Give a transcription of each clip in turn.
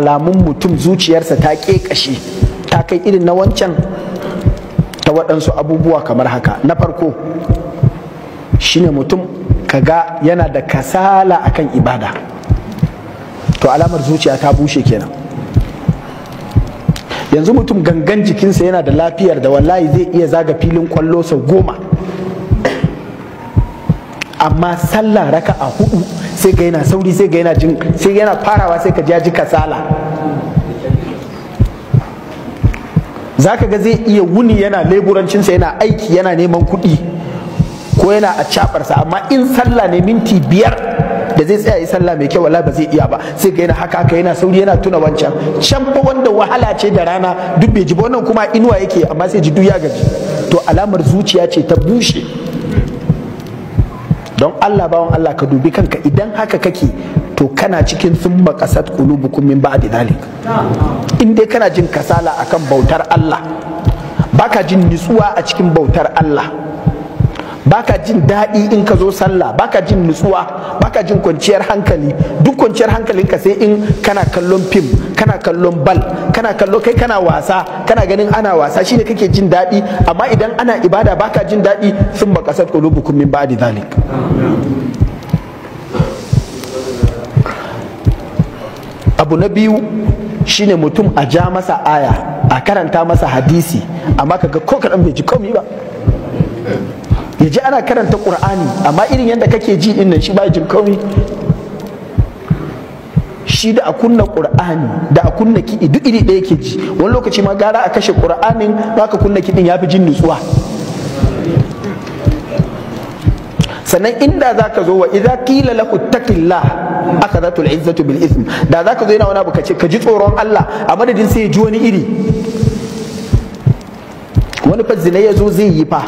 alamun mutum zuciyarsa ta ƙeƙashe ta kai irin na wancan ta waɗansu abubuwa kamar haka na farko shine mutum kaga yana da kasala akan ibada to alamar zuciya ta bushe kenan yanzu mutum gangan jikinsa yana da lafiyar da wallahi zai iya zaga filin kwallo sau goma amma sallah raka a hudu sai ga yana sauri sai ga yana jin sai yana farawa sai ka ji ji kasala ka ga zai iya wuni yana leburancinsa yana aiki yana neman kuɗi ko yana a cabarsa amma in sallah ne minti biyar da zai tsaya yi sallah mai kyau wala ba zai iya ba sai ga yana haka haka yana sauri yana tuna wancan can fa wanda wahala ce da rana duk bai ji ba wannan kuma inuwa yake amma sai ji duk ya gaji to alamar zuciya ce ta bushe don Allah bawan Allah ka dubi kanka idan haka kake to kana cikin sun makasat qulubukum min ba'di dhalik in dai kana jin kasala akan bautar Allah baka jin nutsuwa a cikin bautar Allah baka jin daɗi in ka zo sallah baka jin nutsuwa baka jin kwanciyar hankali duk kwanciyar ka sai in kana kallon fim kana kallon bal kana kallo kai kana wasa kana ganin ana wasa shine kake jin daɗi amma idan ana ibada baka jin daɗi sun ba kasar qulubukum min ba'di zalik abu na biyu shine mutum a ja masa aya a karanta masa hadisi amma kaga ko kaɗan bai ji komai ba ya ji ana karanta ƙur'ani amma irin yadda kake ji din nan shi ba jin komai shi da a kunna ƙur'ani da a kunna kiɗi duk iri ɗaya ke ji wani lokaci ma gara a kashe ƙur'anin ba ka kunna kiɗin ya fi jin nutsuwa sannan inda za ka zo wa idza qila lahu taqillah akhadhatul izzatu bil ism da za ka zo yana wani abu kace ka ji tsoron Allah a madadin sai ya ji wani iri wani fa zinai ya zo zai yi fa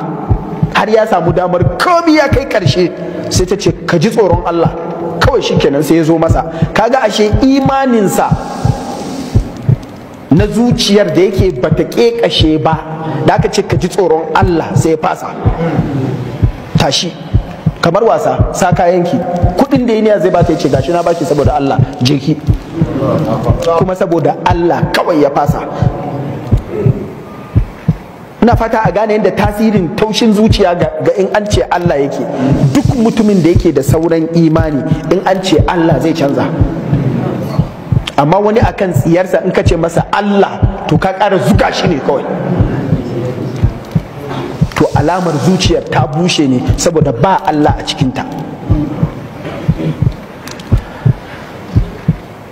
har ya samu damar komi ya kai karshe sai ta ce ka ji tsoron Allah kawai shikenan sai ya zo masa kaga ashe imaninsa na zuciyar da yake bata kekashe ba da aka ce ka ji tsoron Allah sai ya fasa tashi kamar wasa sa kayanki kuɗin da yini zai bata yace gashi na baki saboda Allah jeki kuma saboda Allah kawai ya fasa ina fata a gane yadda tasirin taushin zuciya ga in an ce Allah yake duk mutumin da yake da sauran imani in an ce Allah zai canza amma wani akan tsiyarsa in ka ce masa Allah to ka ƙara zuka shi ne kawai to alamar zuciyar ta bushe ne saboda ba Allah a cikinta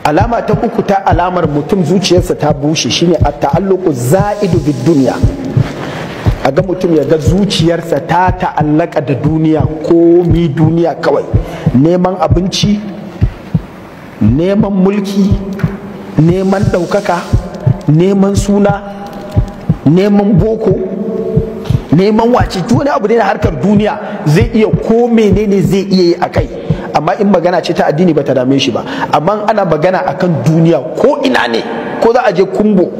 alama ta uku ta alamar mutum zuciyarsa ta bushe shine a taalluqu za'idu bid-dunya a ga mutum ya ga zuciyarsa ta ta'allaka da duniya ko mi duniya kawai neman abinci neman mulki neman ɗaukaka neman suna neman boko neman wace wani abu ne na harkar duniya zai iya ko menene zai iya yi a kai amma in magana ce ta addini ba ta dame shi ba amma ana magana akan duniya ko ina ne ko za a je kumbo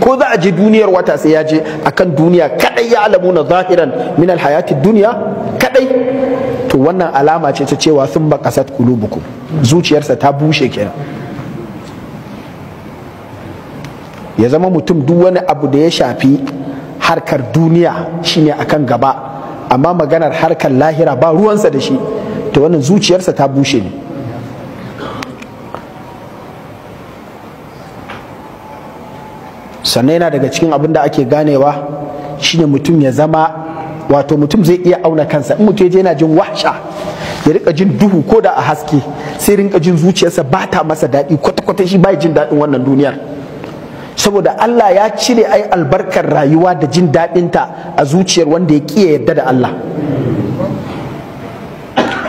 ko za a je duniyar wata sai ya je a kan duniya kadai ya alamu na zahiran min alhayati duniya kadai to wannan alama ce ta cewa sun ba kasat kulubukum zuciyarsa ta bushe kenan ya zama mutum duk wani abu da ya shafi harkar duniya shine akan gaba amma maganar harkar lahira ba ruwansa da shi to wannan zuciyarsa ta bushe ne sannan yana daga cikin abin da ake ganewa shine mutum ya zama wato mutum zai iya auna kansa in mutum yana jin wahsha ya rika jin duhu ko da a haske sai rinka jin zuciyarsa ba ta masa daɗi kwata-kwata shi ba jin daɗin wannan duniyar saboda Allah ya cire ai albarkar rayuwa da jin daɗinta a zuciyar wanda ya ya yarda da Allah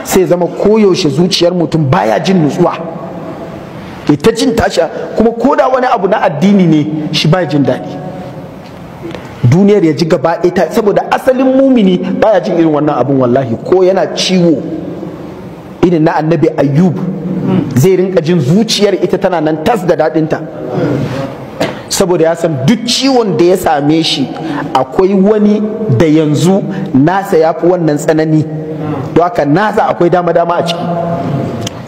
sai zama koyaushe zuciyar mutum baya jin nutsuwa ya ta jin tasha kuma koda wani abu na addini ne shi ba jin daɗi duniyar ya ji gaba ita saboda asalin mumini baya jin irin wannan abun wallahi ko yana ciwo irin na annabi ayyub zai rinka jin zuciyar ita tana nan tas da daɗinta saboda ya san duk ciwon da ya same shi akwai wani da yanzu nasa ya fi wannan tsanani don haka nasa akwai dama-dama a ciki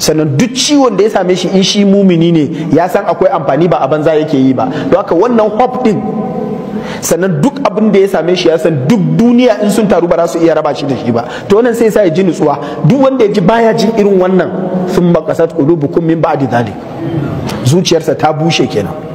sannan duk ciwon da ya same shi in shi mumini ne ya san akwai amfani ba a banza yake yi ba don haka wannan hope din sannan duk abin da ya same shi ya san duk duniya in sun taru ba za su iya raba shi da shi ba to wannan sai sa ya ji nutsuwa duk wanda ya ji baya jin irin wannan sun ba qulubukum min ba'di dhalik zuciyarsa ta bushe kenan